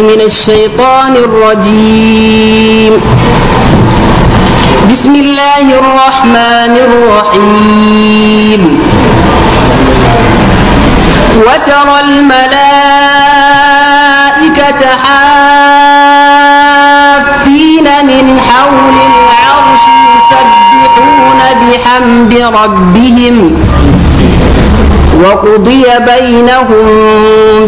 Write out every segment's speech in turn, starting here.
من الشيطان الرجيم بسم الله الرحمن الرحيم وترى الملائكة حافين من حول العرش يسبحون بحمد ربهم وقضي بينهم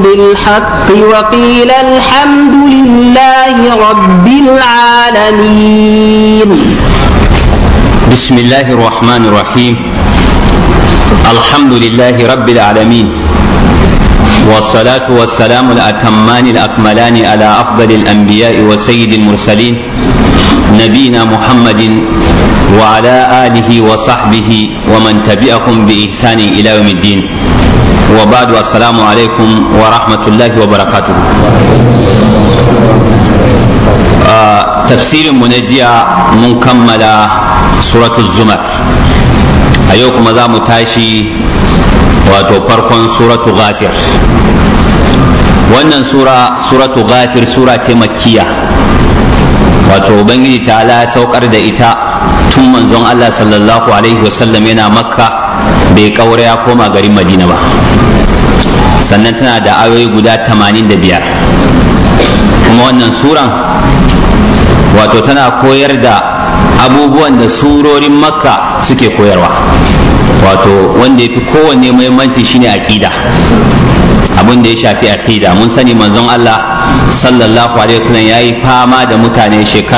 بالحق وقيل الحمد لله رب العالمين بسم الله الرحمن الرحيم الحمد لله رب العالمين والصلاة والسلام الأتمان الأكملان على أفضل الأنبياء وسيد المرسلين نبينا محمد وعلى آله وصحبه ومن تبعهم بإحسان إلى يوم الدين وبعد السلام عليكم ورحمة الله وبركاته آه، تفسير منجية مكملة سورة الزمر أيوكم ذا متاشي wato farkon suratu ghafir wannan sura suratu ghafir sura ce makkiya wato ubangiji ta ala saukar da ita tun manzon allah sallallahu alaihi wasallam yana makka bai kaura ya koma garin madina ba sannan tana da ayoyi guda 85 kuma wannan suran wato tana koyar da abubuwan da surorin makka suke koyarwa wato wanda ya fi kowanne muhimmanci shine aƙida abin da ya shafi aƙida mun sani manzon Allah sallallahu alaihi wasallam ya yi fama da mutane shekara